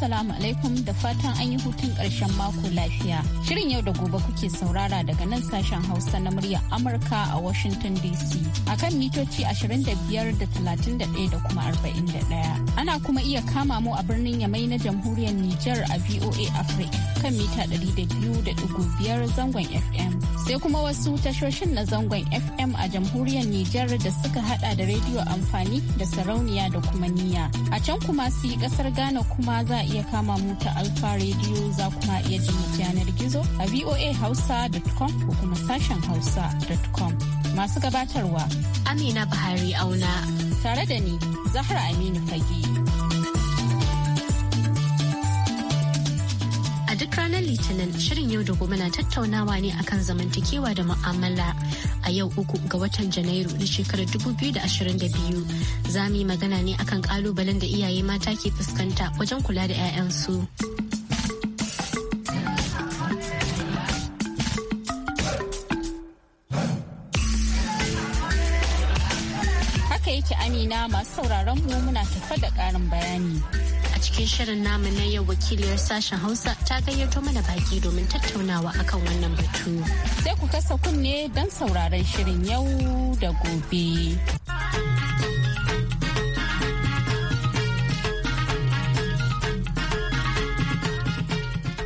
Assalamu alaikum da fatan an yi hutun ƙarshen mako lafiya. Shirin yau da gobe kuke saurara daga nan sashen Hausa na muryar Amurka a Washington DC. A kan mitoci 25 da 31 da kuma 41. Ana kuma iya kama mu a birnin Yamai na jamhuriyar Nijar a VOA Africa. kan mita 200.5 zangon FM. Sai kuma wasu tashoshin na zangon FM a jamhuriyar Nijar da suka hada da rediyo amfani da sarauniya da kuma niya. A can kuma su yi kasar Ghana kuma za a iya kama muta Alfa rediyo za kuma iya ji yanar gizo a voahausa.com ko kuma sashen hausa.com. Masu gabatarwa Amina Bahari Auna. Tare da ni Zahra Aminu Fage. ranar Litinin shirin yau da gobe na tattaunawa ne akan zamantakewa da mu'amala. A yau uku ga watan Janairu na shekarar 2022 za mu yi magana ne akan kalubalen da iyaye mata ke fuskanta wajen kula da 'ya'yansu. Haka yake Amina masu sauraron mu muna tafa da ƙarin bayani. cikin shirin namu na yau wakiliyar sashen Hausa ta gayyato mana baki domin tattaunawa akan wannan batu. Sai ku kasa kunne don sauraron shirin yau da gobe.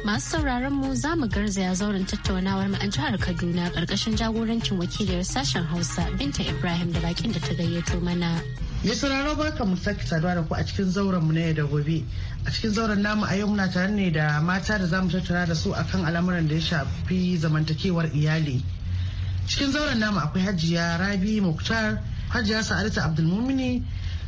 masu sauraron mu za mu garzaya zauren tattaunawar mu jihar Kaduna karkashin jagorancin wakiliyar sashen Hausa Binta Ibrahim da bakin da ta gayyato mana. Mai sauraro barka mu sake saduwa da ku a cikin zauren mu na da gobe. A cikin zauren namu a yau muna tare ne da mata da zamu tattara da su akan al'amuran da ya shafi zamantakewar iyali. Cikin zauren namu akwai Hajiya Rabi Muktar, Hajiya Sa'adatu Abdulmumini,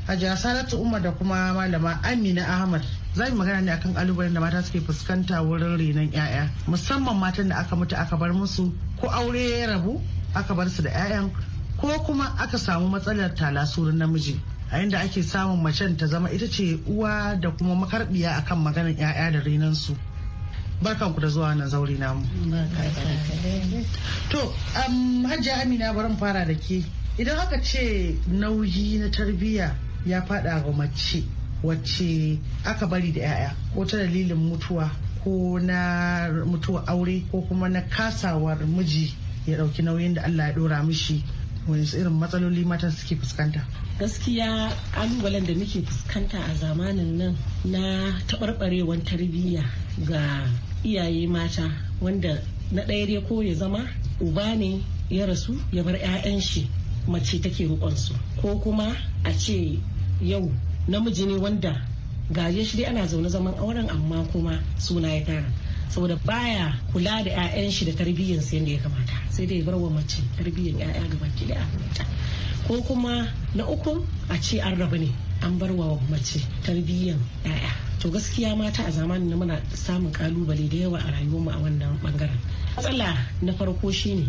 Hajiya Salatu Umar da kuma Malama Amina Ahmad. za mu magana ne akan kalubalen da mata suke fuskanta wurin renon 'ya'ya musamman matan da aka mutu aka bar musu ko aure ya rabu aka bar su da 'ya'yan ko kuma aka samu matsalar talasurin namiji a inda ake samun macen ta zama ita ce uwa da kuma makarbiya akan maganar 'ya'ya da renansu barkan ku da zuwa nan zauri namu to hajiya amina bari fara da ke idan aka ce nauyi na tarbiyya ya fada ga mace wacce aka bari da 'ya'ya ko ta dalilin mutuwa ko na mutuwa aure ko kuma na kasawar miji ya dauki nauyin da Allah ya dora mishi wani irin matsaloli mata suke fuskanta gaskiya kalubalen da muke fuskanta a zamanin nan na taɓarɓarewar tarbiyya ga iyaye mata wanda na ɗaya dai ko ya zama uba ne ya rasu ya bar 'ya'yan shi mace take su ko kuma a ce yau namiji ne wanda gaje shi dai ana zaune zaman auren amma kuma suna ya tara saboda baya kula da 'ya'yan shi da tarbiyyar sa yadda ya kamata sai dai bar wa mace tarbiyyar 'ya'ya gaba ki da ko kuma na uku a ce an rabu ne an bar wa mace tarbiyyar 'ya'ya to gaskiya mata a zamanin na muna samun kalubale da yawa a rayuwarmu a wannan bangaren matsala na farko shine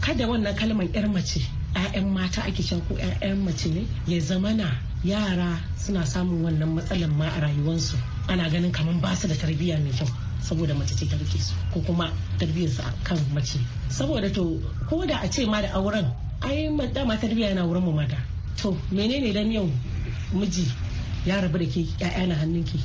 kada wannan kalmar 'yar mace 'ya'yan mata ake can ko 'ya'yan mace ne ya zamana yara suna samun wannan matsalar ma a rayuwarsu ana ganin kamar ba su da tarbiyya mai kyau saboda mace ce ta rike su ko kuma tarbiyyar sa kan mace saboda to ko da a ce ma da auren ai ma tarbiyya yana wurin mu mata to menene dan yau miji ya rabu da ke 'ya'ya na ki.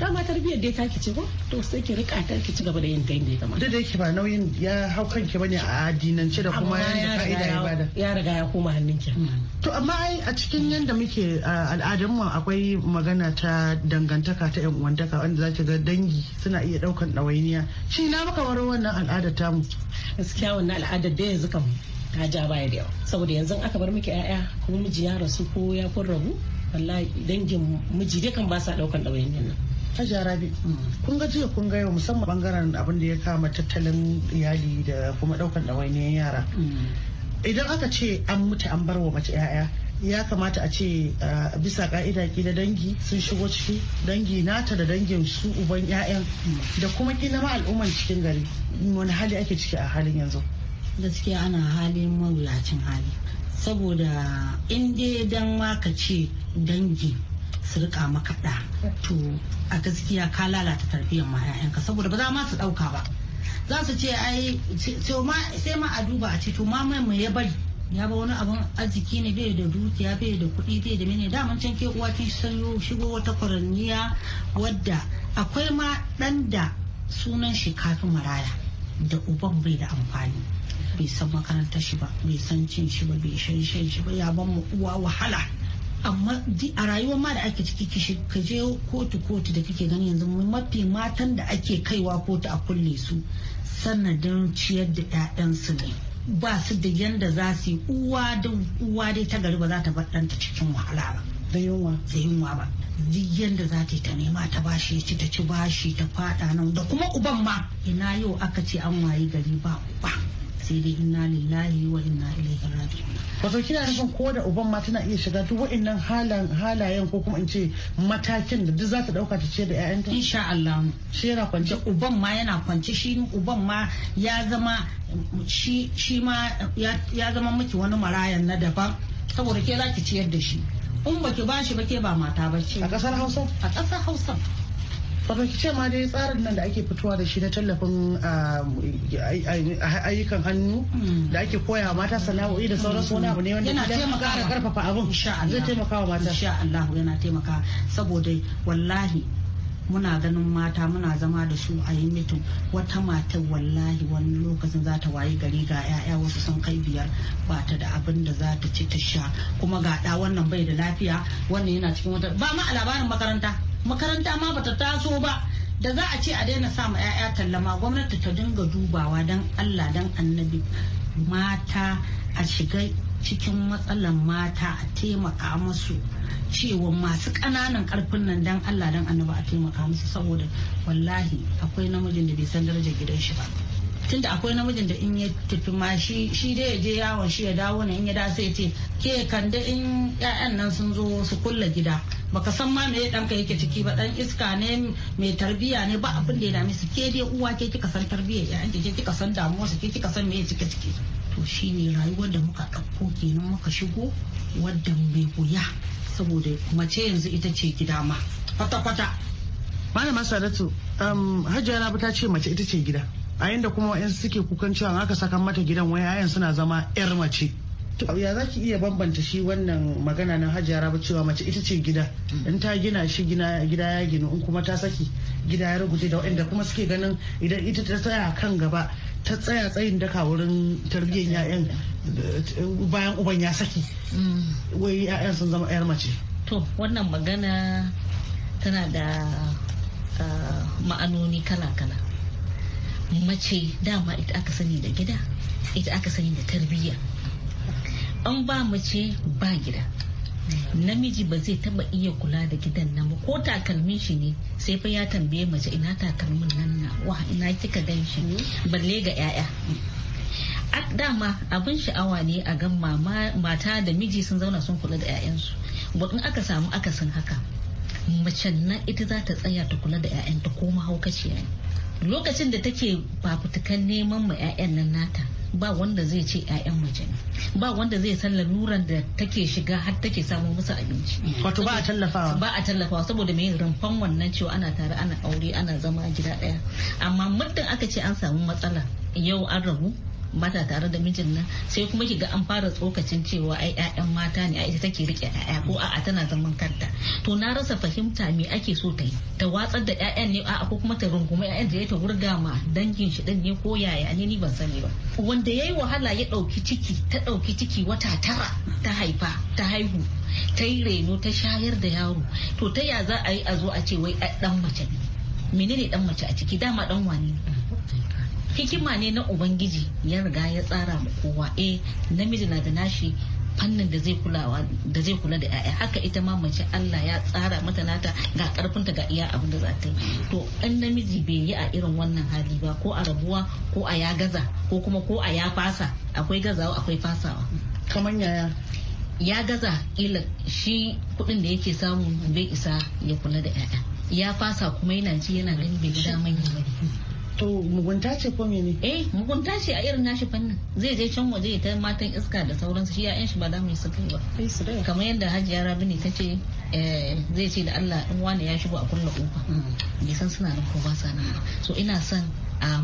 dama tarbiyyar dai ki ce ba to sai ki rika ta ki ci gaba da yin ta Da ya kamata da yake ba nauyin ya hau kanki bane a addinance da kuma ya ka'ida ya bada ya riga ya koma hannun ki mm. to amma ai a cikin yanda muke al'adun mu akwai magana ta dangantaka ta yan uwantaka wanda za ki ga dangi suna iya daukan dawainiya shi na maka waro wannan al'ada ta mu gaskiya wannan al'ada da yanzu kam ta ja baya da yawa saboda yanzu aka bar miki 'ya'ya kuma miji ya rasu ko ya kun rabu wallahi dangin miji dai kan ba sa daukan ɗawainiyar nan Hajiya Rabi, kun ga jiya kun ga yau musamman bangaren abin da ya kama tattalin iyali da kuma daukan ɗawainiyar yara. Idan aka ce an mutu an bar wa mace 'ya'ya ya kamata a ce bisa ka'ida da dangi sun shigo ciki dangi nata da dangin su uban 'ya'yan da kuma kila ma al'umman cikin gari wani hali ake ciki a halin yanzu. Gaskiya ana halin mawulacin hali. Saboda in dai dan ma ka ce dangi su rika maka da to a gaskiya ka lalata tarbiyyar ma 'ya'yanka saboda ba za ma su ɗauka ba za su ce ai sai ma a duba a ce to ma mai ya bari ya ba wani abin arziki ne bai da dukiya bai da kuɗi bai da mene daman can ke uwa kin sanyo shigo wata kwaranniya wadda akwai ma ɗan da sunan shi kafin maraya da uban bai da amfani bai san makarantar shi ba bai san cin shi ba bai shan shan shi ba ya ban uwa wahala amma a rayuwar ma da ake ciki kishi ka je kotu kotu da kake gani yanzu mafi matan da ake kaiwa kotu a kulle su sanadin ciyar da 'ya'yansu ne ba su da yanda za su yi uwa da uwa dai ta gari ba za ta bar ɗanta cikin wahala ba da yunwa da yunwa ba duk yanda za ta yi ta nema ta bashi ci ta ci bashi ta faɗa nan da kuma uban ma ina yau aka ce an wayi gari ba uba sai dai inna lillahi wa inna ilaihi raji'un wato kina nufin ko da uban ma tana iya shiga duk wa'annan halayen ko kuma in ce matakin da duk za ta dauka ta ce da ƴaƴanta insha Allah shi yana kwance uban ma yana kwance shi uban ma ya zama shi shi ma ya zama miki wani marayan na daban saboda ke za ki ciyar da shi in baki bashi ba shi ba ke ba mata ba ce a ƙasar Hausa a ƙasar Hausa wato ce ma dai tsarin nan da ake fitowa da shi na tallafin ah, ayyukan hannu hmm. da ake koya mata sana'o'i da sauran suna abu ne wanda yana taimaka da karfafa abin zai taimaka wa mata insha Allah yana taimaka saboda wallahi muna ganin mata muna zama da su a yi mitin wata mata wallahi wani lokacin za ta wayi gari ga 'ya'ya wasu sun kai biyar ba ta da abin da za ta ci ta sha kuma ga da wannan bai da lafiya wannan yana cikin wata ba ma a labarin makaranta makaranta ma bata taso ba da za a ce a daina sa ma 'ya'ya tallama gwamnati ta dinga dubawa dan allah don annabi mata a shiga cikin matsalan mata a taimaka musu cewa masu ƙananan ƙarfin nan dan allah don annabi a taimaka musu saboda wallahi akwai namijin da bai san darajar gidan shi ba tunda akwai namijin da in ya tafi ma shi shi dai ya je yawon shi ya dawo na in ya da sai ce ke kande in ƴaƴan nan sun zo su kulla gida baka san ma me ka yake ciki ba ɗan iska ne mai tarbiya ne ba abin da ya dame su ke dai uwa ke kika san tarbiyyar ƴaƴan ke kika san damuwar su ke kika san me ya cike ciki to shine rayuwar da muka ɗauko kenan muka shigo wadda mai wuya saboda mace yanzu ita ce gida ma kwata-kwata malama sadatu um, hajjiyar ta ce mace ita ce gida a yanda kuma wa'yansu suke kukan cewa aka saka mata gidan wai yayan suna zama 'yar mace ya za ki iya bambanta shi wannan magana na hajiya rabu cewa mace ita ce gida in ta gina shi gida ya ginu in kuma ta saki gida ya rubuce da waanda kuma suke ganin idan ita ta tsaya kan gaba ta tsaya tsayin daka wurin tarbiyyar 'ya'yan bayan uban ya saki wai 'ya'yan sun zama 'yar mace to wannan magana tana da ah, ma'anoni kala-kala mace dama ita aka sani da gida ita aka sani da tarbiyya an ba mace ba gida namiji ba zai taba iya kula da gidan nan ba ko takalmin shi ne sai fa ya tambaye mace ina takalmin nan na wa ina kika gan shi balle ga yaya dama abin sha'awa ne a gan mata da miji sun zauna sun kula da 'ya'yansu in aka samu akasin haka macen nan ita za ta tsaya ta kula da 'ya'yanta ko mahaukaciya ne lokacin da take fafutukan neman ma 'ya'yan nan nata ba wanda zai ce 'ya'yan mace ba wanda zai san laluran da take shiga har take samu musu abinci wato ba a tallafawa ba a tallafawa saboda mai rumfan wannan cewa ana tare ana aure ana zama gida daya amma muddin aka ce an samu matsala yau an rabu mata tare da mijin nan sai kuma ki ga an fara tsokacin cewa ai ƴaƴan mata ne a ita take rike ƴaƴa ko a'a tana zaman kanta to na rasa fahimta me ake so ta yi ta watsar da ƴaƴan ne a'a ko kuma ta runguma ƴaƴan da ya ta wurga ma dangin shi din ne ko yaya ne ni ban sani ba wanda yayi wahala ya ɗauki ciki ta ɗauki ciki wata tara ta haifa ta haihu ta yi reno ta shayar da yaro to ta ya za a yi a zo a ce wai dan mace ne menene dan mace a ciki dama dan wani ne hikima ne na ubangiji ya riga ya tsara ma kowa eh namiji na da nashi fannin da zai kula da yaya haka ita ma mace Allah ya tsara mata nata ga karfinta ga iya abin da za ta yi to in namiji bai yi a irin wannan hali ba ko a rabuwa ko a ya gaza ko kuma ko a ya fasa akwai gazawa akwai fasawa kamar yaya ya gaza kila shi kudin da yake samu bai isa ya kula da yaya ya fasa kuma yana ci yana ganin bai daman yi To mugunta ce ko mene? Eh mugunta ce a irin nashi fannin. Zai je can waje ta matan iska da sauransu shi ya'yan shi ba za mu yi su kai ba. Kamar yadda Hajiya Rabini ta ce eh, zai ce da Allah in wani ya shigo a kulla kofa. Mm. Bai san suna nan ko ba sa nan. So ina son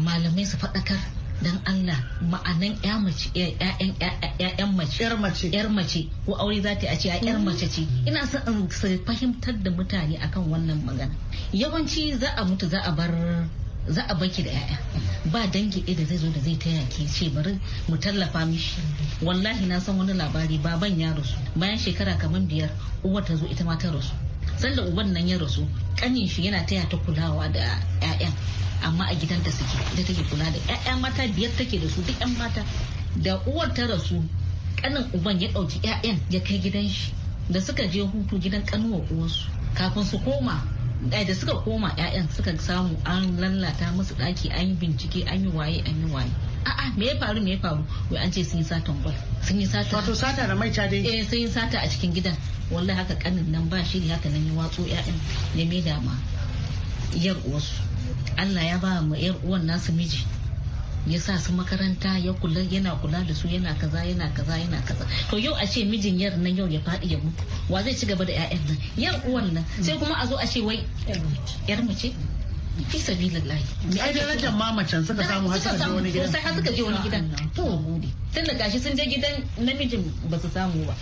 malamai su faɗakar dan Allah ma'anan ya mace ya'yan mace yar mace yar mace ko aure zata a ce yar mm. mace ce ina son in fahimtar da mutane akan wannan magana yawanci za a mutu za a bar za a baki da 'ya'ya ba dangi ɗaya da zai zo da zai taya ke ce bari mu tallafa mishi wallahi na san wani labari baban ya rasu bayan shekara kamar biyar uwar ta zo ita ma ta rasu sanda uban nan ya rasu kanin shi yana taya ta kulawa da 'ya'yan amma a gidan gidanta suke ita take kula da 'ya'ya mata biyar take da su duk 'yan mata da uwar ta rasu kanin uban ya ɗauki 'ya'yan ya kai gidan shi da suka je hutu gidan kanuwar uwarsu kafin su koma Eh, da suka koma ƴaƴan suka samu an lallata musu ɗaki an yi bincike an yi waye an yi waye a'a me ya faru me ya faru wai an ce sun yi satan gwal sun yi sata wato sata da mai dai eh sun yi sata a cikin gidan wallahi haka kanin nan ba shi haka nan ya watso ƴaƴan ne me dama yar uwarsu Allah ya ba mu yar uwan nasu miji ya sa su makaranta ya kula yana kula da su yana kaza yana kaza yana kaza to yau a ce mijin yar nan yau ya faɗi ya mutu wa zai ci gaba da ƴaƴan nan yar uwan nan sai kuma a zo a ce wai yar mu ce lallahi me ai darajar ma macen suka samu har suka je wani gidan sai har suka je wani gidan to gode tun da gashi sun je gidan namijin ba su samu ba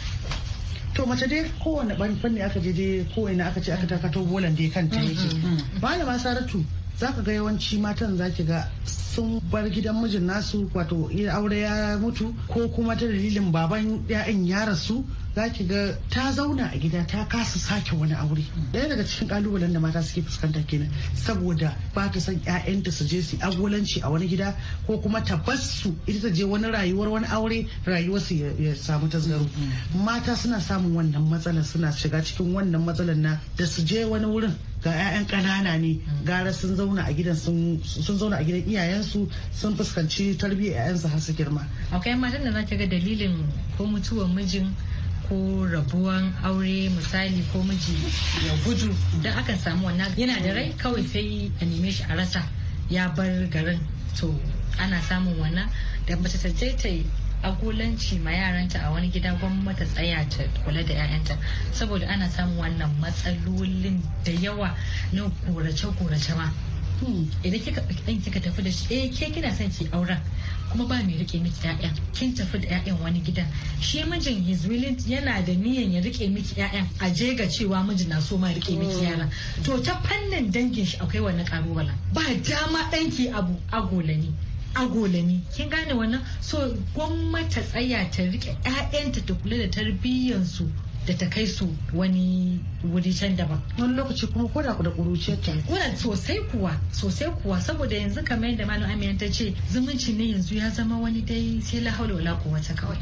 to mace dai kowane fanni aka je dai ko ina aka ce aka takato bolan dai kanta yake malama saratu za ka ga yawanci matan za ki ga sun bar gidan mijin nasu wato aure ya mutu ko kuma ta dalilin baban 'ya'yan ya rasu za ki ga ta zauna a gida ta kasa sake wani aure Daya daga cikin kalubalen da mata suke fuskanta kenan saboda ba ta son 'ya'yanta su je su agolanci a wani gida ko kuma ta su ita ta je wani rayuwar wani aure rayuwar su ya samu tasgaro mm-hmm. mata suna samun wannan matsalar suna shiga cikin wannan matsalar na da su je wani wurin ga 'ya'yan kanana ne mm-hmm. gara sun zauna a gidan sun zauna a gidan iyayensu sun fuskanci tarbiyyar 'ya'yansu har su girma. akwai matan da za ga dalilin ko mutuwar mijin ko rabuwan aure misali ko miji ya gudu da aka samu wannan yana da rai kawai sai a neme shi a rasa ya bar garin to ana samun wannan da mace ta je ta agulanci ma yaranta a wani gida gwamnati tsaya ta kula da 'ya'yanta saboda ana samun wannan matsalolin da yawa na korace-korace ma hmm. idan kika kika tafi da shi eh ke kina son ki auren kuma ba mai rike miki ƴaƴan kin tafi da 'yayan wani gidan shi mijin his willing yana da niyan ya rike miki ƴaƴan a je ga cewa mijin na so ma rike miki yara mm. to ta fannin dangin shi akwai wani karuwala ba dama danki abu agolani agolani kin gane wannan so gwamnati tsaya ta rike ƴaƴanta ta kula da tarbiyyan su da ta kai su wani wuri can daban wani lokaci kuma ko da ku da kuruciyar Kuna sosai kuwa sosai kuwa saboda yanzu kamar yadda malam amiya ta ce zumunci ne yanzu ya zama wani dai sai la haula wala quwwata kawai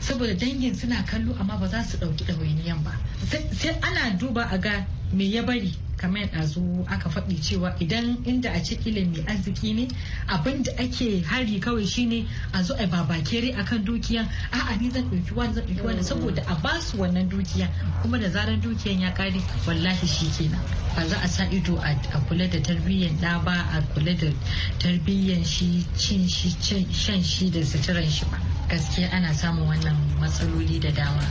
saboda dangin suna kallo amma ba za su ɗauki ɗawainiyan ba sai ana duba a ga me ya bari kamar a zo aka faɗi cewa idan inda a ce mai arziki ne abinda ake hari kawai shine a zo a babakere akan dukiya a a ni zan ɗauki wani zan ɗauki wani saboda a ba su wannan dukiya kuma da zarar dukiyan ya kare. wallahi shi kenan ba za a sa ido a kula da tarbiyyan ɗa ba a kula da tarbiyyan shi cin shi shan shi da suturan shi ba gaskiya ana samun wannan matsaloli da dama.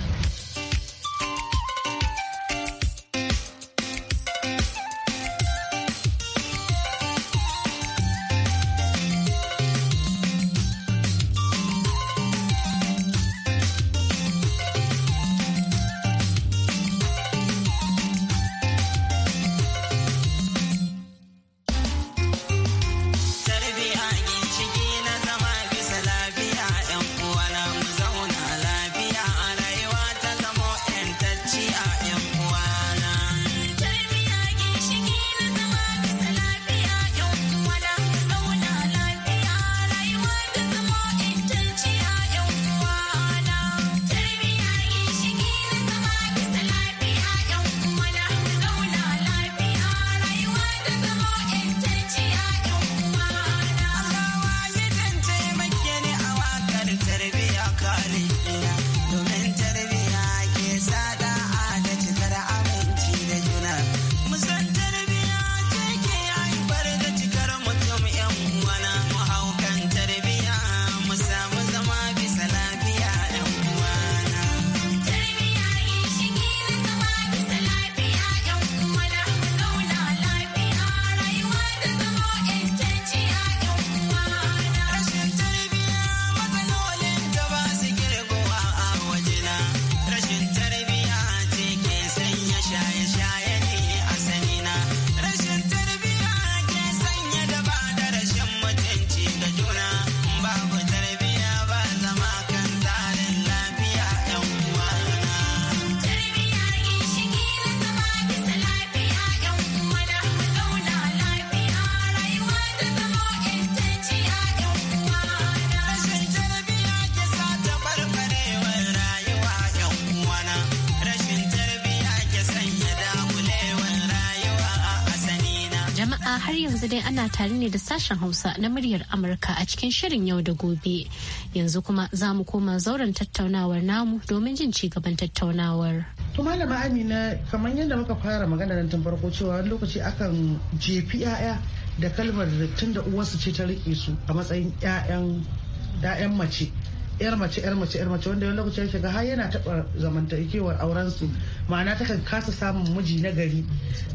har yanzu dai ana tare ne da sashen Hausa na muryar Amurka a cikin shirin yau da gobe. Yanzu kuma za mu koma zauren tattaunawar namu domin jin ci gaban tattaunawar. To malama Amina kamar yadda muka fara magana nan tun farko cewa wani lokaci akan jefi 'ya'ya da kalmar tun da uwarsu ce ta rike su a matsayin 'ya'yan mace. yar mace yar mace yar mace wanda wani lokacin ya shiga har yana taɓa zamantakewar auren su ma'ana kan kasa samun miji na gari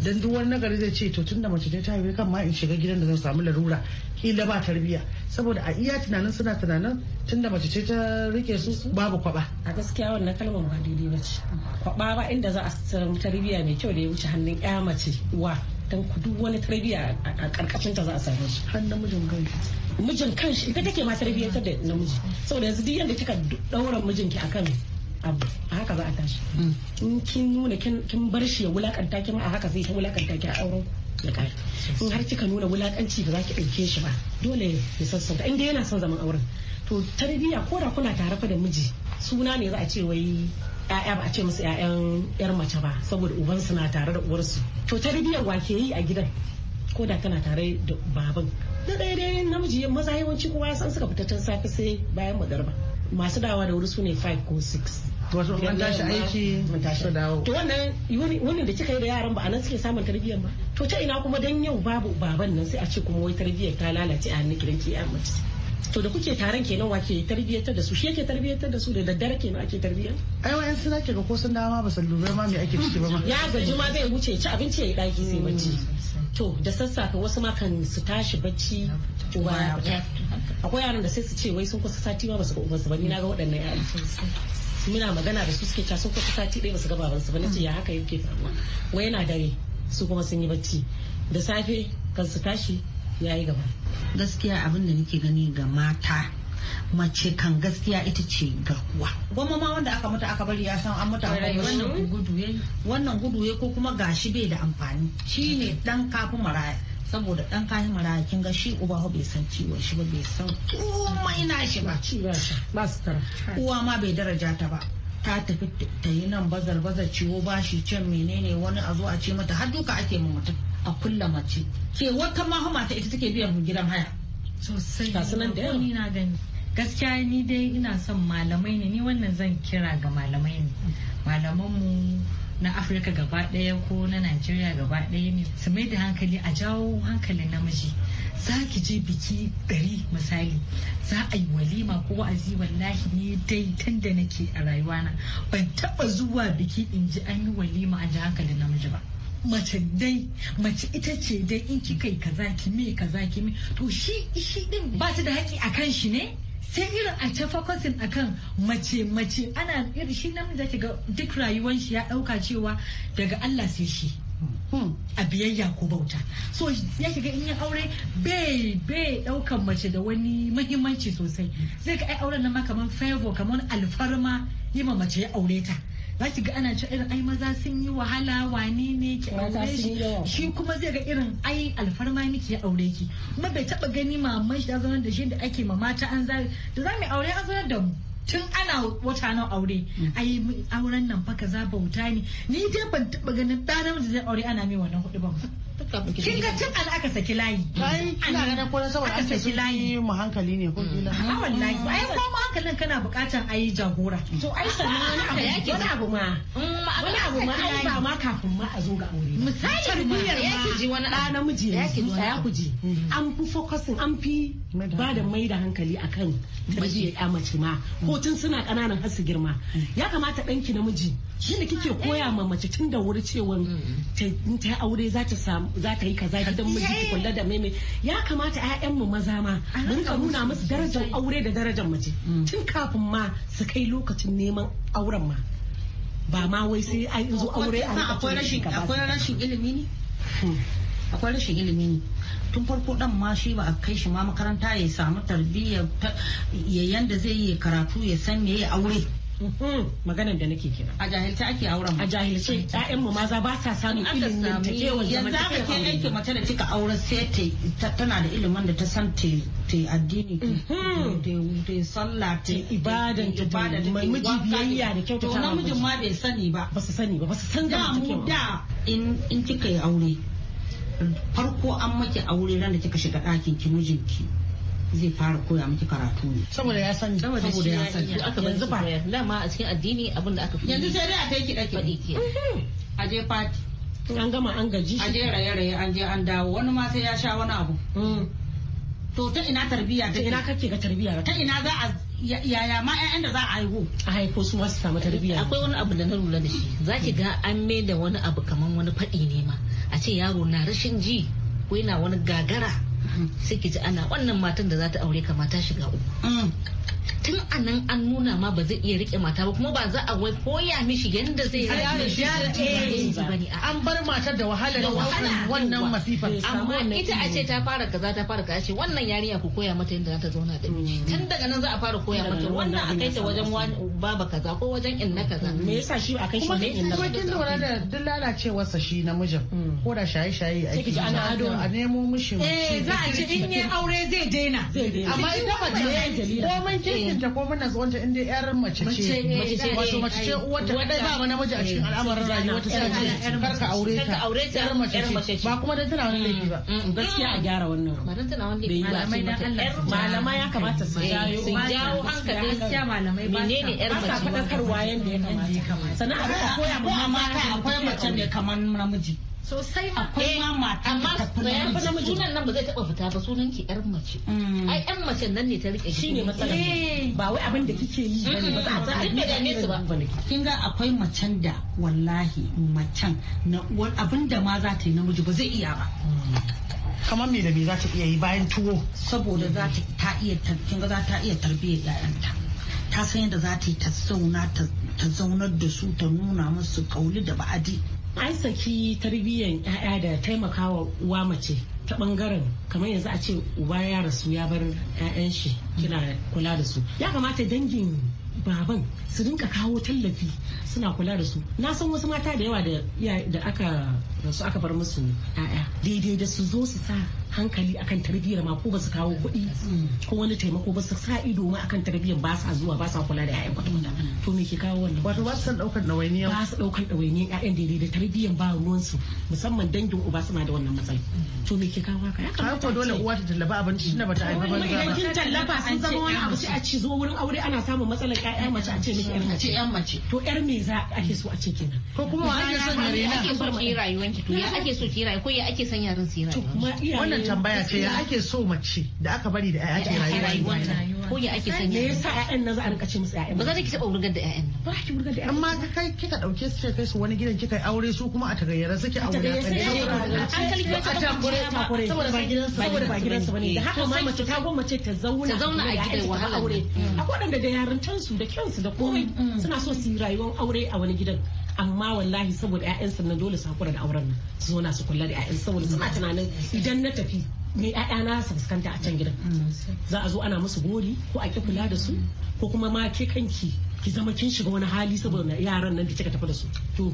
dan duk wani nagari zai ce to tunda mace ne ta haife kan ma in shiga gidan da zan samu larura kila ba tarbiya saboda a iya tunanin suna tunanin tunda mace ce ta rike su babu kwaba a gaskiya wannan kalmar ba daidai ba ce kwaba ba inda za a samu tarbiya mai kyau da ya wuce hannun ya mace uwa dan ku duk wani tarbiyya a karkashin ta za a same shi har namijin kanshi mijin kanshi ita take ma tarbiyyantar da namiji saboda yanzu duk yanda kika daura mijinki akan abu a haka za a tashi hmm. in kin nuna kin bar shi ya wulakanta ki ma a haka zai ta wulakanta ki a auren ya kai in har kika nuna wulakanci ba za ki ɗauke shi ba dole ya sassanta inda yana son zaman auren to tarbiyya ko da kuna tare fa da miji suna ne za a ce wai 'ya'ya ba a ce musu 'ya'yan 'yar mace ba saboda ubansu na tare da uwarsu to tarbiyyar wa ke yi a gidan ko da tana tare da baban na ɗaya dai namiji maza yawanci kowa ya san suka fita can safe sai bayan magarba masu dawa da wuri su ne 5 ko 6 wato an tashi aiki mun tashi dawo to wannan wannan da kika yi da yaran ba anan suke samun tarbiyyar ba to ta ina kuma dan yau babu baban nan sai a ce kuma wai tarbiyyar ta lalace a hannun gidan ki a mace to da kuke taron kenan wa ke tarbiyyantar da su shi yake tarbiyyantar da su da daddare kenan ake tarbiyya ai wa'an suna ke ga ko sun dama ba san lura ma me ake ciki ba ma ya gaji ma zai wuce ci abinci ya yi daki sai bacci to da sassafe wasu ma kan su tashi bacci ba akwai yaran da sai su ce wai sun kusa sati ma ba su ba ni na ga waɗannan yaran muna magana da su suke ta sun kusa sati ɗaya ba su ga su ba nace ya haka yake faruwa wai yana dare su kuma sun yi bacci da safe kan su tashi ya yi gaba gaskiya abin da nake gani ga mata mace kan gaskiya ita ce garkuwa goma ma wanda aka mutu aka bari ya san an mutu wannan gudu ya ko kuma gashi bai da amfani Shi ne dan kafin maraya saboda dan kayan maraya kin ga shi uba bai san ciwon shi ba bai san komai ina shi ba ba su uwa ma bai daraja ta ba ta tafi ta yi nan bazar bazar ciwo ba shi can menene wani a zo a ce mata har duka ake mu mutum a kulla mace ke wata ma mata ita take biyan gidan haya sosai ga sunan da gani. gaskiya ni dai ina son malamai ne ni wannan zan kira ga malamai ne malaman mu na afirka gaba ɗaya ko na najeriya gaba ɗaya ne su mai da hankali a jawo hankalin namiji za ki je biki ɗari misali za a yi walima ko wa'azi wallahi ne dai tun da nake a na. ban taɓa zuwa biki in ji an yi walima a ji hankalin namiji ba mace dai mace ita ce dai in kika yi kaza ki me kaza ki me to shi shi din ba su da haƙi akan shi ne sai irin a ta focusing akan mace mace ana irin shi namiji zaki ga duk rayuwar shi ya dauka cewa daga Allah sai shi hmm. a biyayya ko bauta so ya shiga in yi aure bai bai daukan mace da wani mahimmanci sosai zai ga ai auren nan ma kamar favor kamar alfarma yi ma mace ya aure ta za ki ga ana cewa irin ai maza sun yi wahala wanene. ne ki aure shi shi kuma zai ga irin ai alfarma miki ya aure ki kuma bai taba gani maman shi da zama da shi da ake ma mata an zai da za mu aure an da mu tun ana wata nawa aure mm. ai auren nan fa kaza bauta ne ni dai ban taba ganin ɗan da zai aure ana mai wannan hudu ba kin ga tun an aka saki layi an ko saboda aka saki layi mu hankali ne ko mm. kila a wallahi mm. ai ko mu hankalin kana bukatar ayi jagora to ai sannan wani abu yake wani abu ma mm, wani abu ma ai ba ma kafin ma a zo ga aure misali tarbiyyar ma yake ji wani ɗa namiji ne yake ji ya kuji mm-hmm. an fi focusing an fi ba da mai da hankali akan tarbiyyar ya mace ma ko tun suna ƙananan har su girma ya kamata ɗanki namiji shi ne kike koya ma mace tun da wuri cewa ta ta aure za ta samu za ta yi kaza gidan miji ki kula da meme ya kamata ƴaƴan mu maza ma mun ka nuna musu darajar aure da darajar mace mm. tun kafin ma su kai lokacin neman auren ma ba ma wai sai an zo aure a akwai rashin akwai rashin ilimi ne hmm. akwai rashin ilimi ne tun farko dan ma shi ba a kai shi ma makaranta ya samu tarbiyya ya yanda zai yi karatu ya san me ya aure Mhm. maganar da nake kira a jahilce ake auren a jahilce ƴaƴan mu maza ba sa samun ilimin ta kewan zaman ta yanzu aka aiki mace da kika auren sai ta tana da ilimin da ta san ta addini ta mhm. sallah ta ibadan ta ta mai miji biyayya da kyautata to namijin ma bai sani ba ba su sani ba ba su san da mu da in kika yi aure farko an maki aure ran da kika shiga ɗakin ki mijinki zai fara koya miki karatu ne saboda ya san saboda ya san aka ban zuba Lama a cikin addini abin da aka fi yanzu sai dai a kai ki dake mhm. a je fati an gama an gaji a je raye-raye an je an dawo wani ma sai ya sha wani abu mm. to ta ina tarbiyya ta ina kake ga tarbiyya ta ina za a yaya ma ƴaƴan da za a haihu a haihu su su samu tarbiyya akwai wani abu da na lura da shi za ki ga an da wani abu kamar wani faɗi ne ma a ce yaro na rashin ji ko yana wani gagara sai ki ji ana wannan matan da za ta aure ka mata shiga uku mm. tun a nan an nuna ma ba zai iya rike mata ba kuma ba za a wai koya mishi yadda zai rike bane an bar matar da wahala da wannan masifar amma ita a ce ta fara kaza ta fara kaza ce wannan yarinya ku koya mata yadda za ta zauna da miji mm. tun daga nan za a fara koya mata mm. wannan a kai ta wajen baba kaza ko wajen in na kaza mm. me yasa shi a kai shi ne inna kaza kin lura da duk lalacewar sa shi mijin ko da shaye shaye ake yi ana ado a nemo mishi eh za a ce in yi aure zai daina amma ita mace ne ko mun kin eh. ta ko mana zuwanta in dai yar mace ce mace eh, ce wato mace ce uwarta kadai ba wani miji a cikin eh, al'amarin rayuwa ta sai ce kar ka aure ta yar mace ce ba kuma dan tana wannan mm, laifi ba mm, mm. gaskiya a gyara wannan ba dan tana wannan laifi ba malamai dan Allah malamai ya kamata su eh, jawo hankali gaskiya malamai ba ne ne yar mace ba ka fadakarwa yanda ya kamata sanan a koya ma mata akwai mace ne kamar namiji sosai ma akwai ma eh, mata amma sunan nan ba zai taba fita ba sunan ki yar mace mm. ai yan mace nan ne ta rike shi ne matsalar eh. ba wai abin da kike yi bane ba za a ta da su ba kin ga akwai macen da wallahi macen na abin da ma za ta yi namiji ba zai iya ba kamar me da me za ta iya yi bayan tuwo saboda za ta iya kin ga za ta iya tarbiyyar 'ya'yanta ta san yadda za ta yi ta zauna ta zaunar da su ta nuna musu kauli da ba'adi an saki tarbiyyan 'ya'ya da taimakawa uwa mace ta ɓangaren kamar yanzu a ce uba ya rasu ya bar 'ya'yan shi kina kula da su ya kamata dangin baban su rinka kawo tallafi suna kula da su na san wasu mata da yawa da aka rasu aka bar musu 'ya'ya daidai da su zo su sa hankali akan tarbiyyar ma ko ba su kawo kuɗi ko wani taimako ba su sa ido ma akan tarbiyyar ba sa zuwa ba sa kula da ƴaƴan kwatanta to me ke kawo wannan wato ba su san daukar ɗawainiyar ba su daukar ɗawainiyar ƴaƴan daidai da tarbiyyar ba ruwan su musamman dangin uba suna da wannan matsayi to me ke kawo haka ya kamata dole uwa ta tallaba abinci shi na bata haifa ba idan kin tallafa sun zama wani abu sai a ci zo wurin aure ana samun matsalar ƴaƴan mace a ce miki ƴan mace ƴan mace to ƴar me za ake so a ce kenan ko kuma wa ake son rayuwar ki to ya ake so ki rayu ko ya ake son yaran su rayu wannan tambaya ce ya ake so mace da aka bari da ya ake rayuwa ko ya ake sanya me yasa ƴaƴan nan za a rika ce musu ƴaƴan ba za ki taɓa wurgar da ƴaƴan ba ki wurgar da ƴaƴan amma kai kika dauke su kai su wani gidan kika aure su kuma a tagayyara suke aure a wuya an kalli ta takure saboda ba gidansu saboda ba gidansu bane da haka ma mace ta gwammace ta zauna ta zauna a gidan wahala aure mm. akwai wadanda da yarintan su da kyansu da komai mm, mm. suna so su yi rayuwar aure a wani gidan amma wallahi saboda 'ya'yansu nan dole su hakura da auren su zo na su kula da 'ya'yansu saboda suna tunanin idan na tafi ne na su fuskanta a can gidan mm, za a zo ana musu gori ko a ki kula da su ko kuma ma ke kanki ki zama kin shiga wani hali saboda yaran nan da kika tafi da su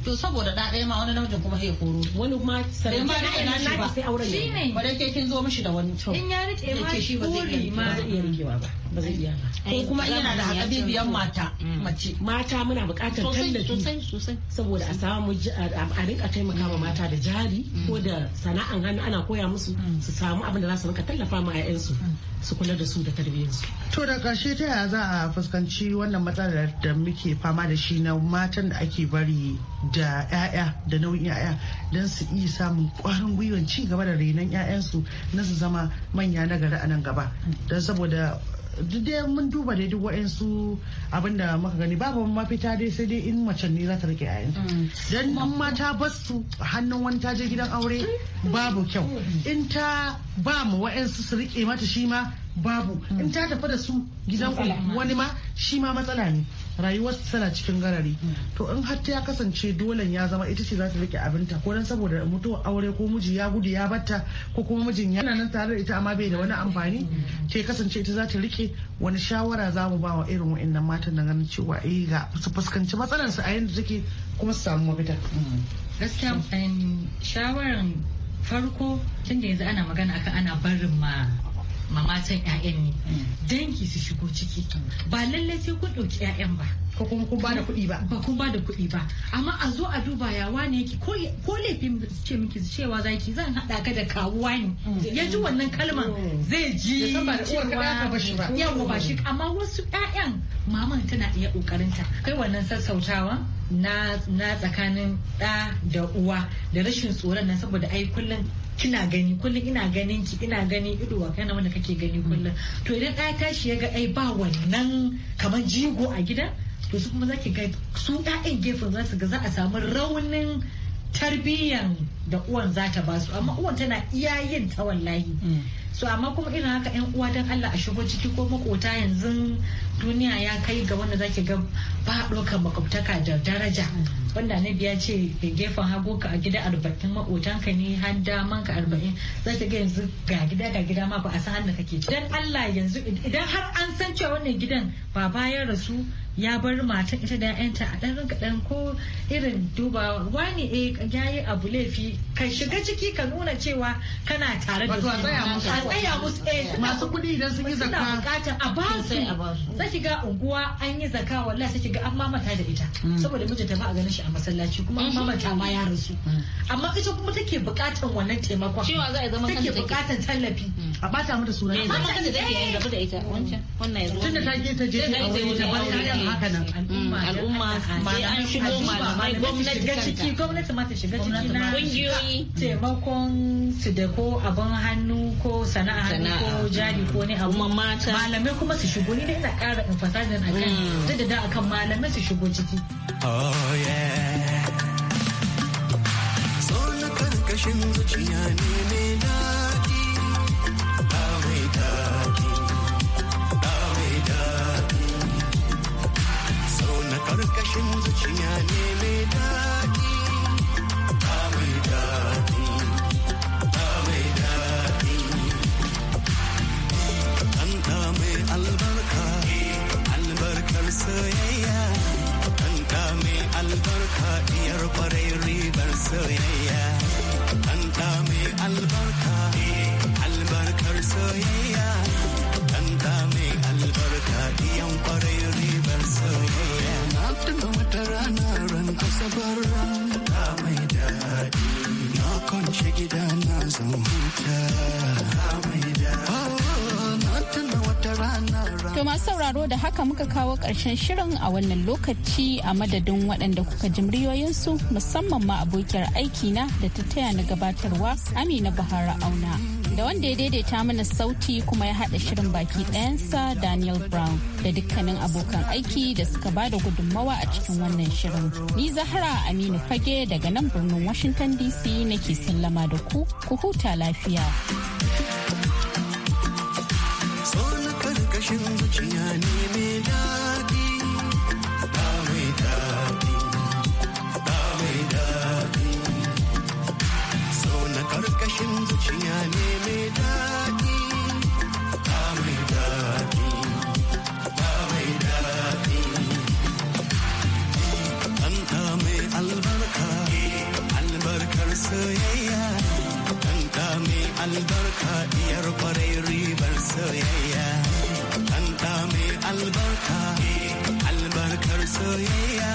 to saboda da ɗaya ma wani namijin kuma ya koro wani kuma sai ma da ina na sai auren shi ne ba dai kin zo mishi da wani to in ya rike ma shi ba zai iya rikewa ba ba zai iya ba ko kuma yana da haƙabibiyan mata mace mata muna buƙatar tallafi Sosai. Sosai. saboda a samu a rinka taimaka ma mm. mata da jari mm. ko da sana'an hannu ana koya musu mm. su samu abin da za su rinka tallafa ma 'ya'yansu su kula da su da tarbiyyarsu to da ƙarshe ta yaya za a fuskanci wannan matsalar da muke fama da shi na matan da ake bari da 'ya'ya da nau'in 'ya'ya don su iya samun kwarin gwiwan ci gaba da renon 'ya'yansu na su zama manya na gari a nan gaba don saboda duk dai mun duba dai duk wa'ansu abin muka gani babu ma fita dai sai dai in mace ne za ta rike yayin mm. dan in ta basu hannun wani ta je gidan aure babu kyau in ta ba mu wa'ansu su rike mata shi ma babu in ta tafi da su gidan wani ma shi ma matsala ne rayuwar tana cikin garari hmm. to in har ya kasance dole ya zama ita ce za ta rike abinta ko dan saboda mutuwar aure ko miji ya gudu ya batta ko kuma mijin yana nan tare da ita amma bai da wani amfani hmm. ke kasance ita za ta rike wani shawara za mu ba wa irin wa'annan matan na ganin cewa eh ga su fuskanci matsalar su a yanda take kuma su samu mafita hmm. gaskiya um, shawaran farko tun da yanzu ana magana akan ana barin ma mamatan 'ya'yan ne Danki su shigo ciki ba lallai sai kun ɗauki 'ya'yan ba ko kuma kun bada kuɗi ba ba kun bada kuɗi ba amma a zo a duba yawa ne yake ko laifin ce miki cewa zaki zan haɗa ka da kawuwa ne mm. ya ji wannan kalman mm. zai ji cewa yawa ba shi amma wasu 'ya'yan maman tana iya ƙoƙarinta kai wannan sassautawa na tsakanin ɗa da uwa da rashin tsoron nan saboda ai kullum kina gani kullum ina ganin ki ina gani ido wa kana wanda kake gani kullum to idan ɗaya tashi ya ga ai ba wannan kamar jigo a gida to su kuma zaki ga su ɗayan gefen za su ga za a samu raunin tarbiyyan da uwan za ta basu amma uwan tana iya yin ta wallahi mm. so amma kuma irin haka yan uwa dan Allah a shigo ciki ko makota yanzu duniya ya kai ga wanda zaki ga ba ɗaukar makwabtaka da daraja mm. wanda na biya ce da gefen hagu ka a gida arba'in makotanka ne har daman ka arba'in za ta ga yanzu ga gida ga gida ma ba a san hannu kake dan Allah yanzu idan har an san cewa wannan gidan ba bayan rasu ya bar matan ita da 'yanta a ɗan rinka ko irin duba wani eh ya yi abu laifi ka shiga ciki ka nuna cewa kana tare da su a tsaya musu eh masu kuɗi idan sun yi zaka. a ba su sai ga unguwa an yi zaka wallahi sai ga an mamata da ita mm. saboda mijinta ba a ganin shi a masallaci kuma an mm. mamata ma ya rasu mm. amma ita kuma take bukatan wannan taimakon cewa za a take bukatan tallafi a bata mata suna ne amma kan da take rabu ita wancan wannan ta je ta je ta bar ta al'umma sai an shigo gwamnati shiga gwamnati ma ta shiga ciki na kungiyoyi taimakon su da ko abin hannu ko sana'a ko jari ko ne abu mata malamai kuma su shigo ni dai ina ƙara emphasizing akan mm. duk da akan malamai su shigo ciki oh yeah zuciya ne ne soyayya an mai albarka albarkar soyayya an mai albarka iyan kwarai ribar soyayya na tuna wata rana ran asabar ta mai daɗi na kwance gida na zan huta To masu sauraro da haka muka kawo ƙarshen shirin a wannan lokaci a madadin waɗanda kuka ji muryoyinsu musamman ma abokiyar aiki na da ta taya na gabatarwa Amina Bahara Auna. Da wanda ya daidaita mana sauti kuma ya haɗa shirin baki ɗayansa Daniel Brown da dukkanin abokan aiki da suka ba da gudummawa a cikin wannan shirin. Ni Zahara Aminu Fage daga nan birnin Washington DC nake sallama da ku, ku huta lafiya. Kishin zuciya ne mai daɗi, ba mai daɗi, ba mai daɗi. Sau na karkashin zuciya ne albarka albarkar soyayya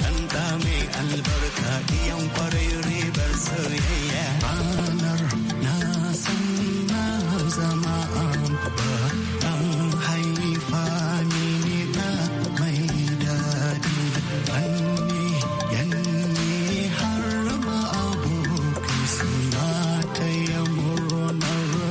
ɗanɗa mai albarka iyan kwar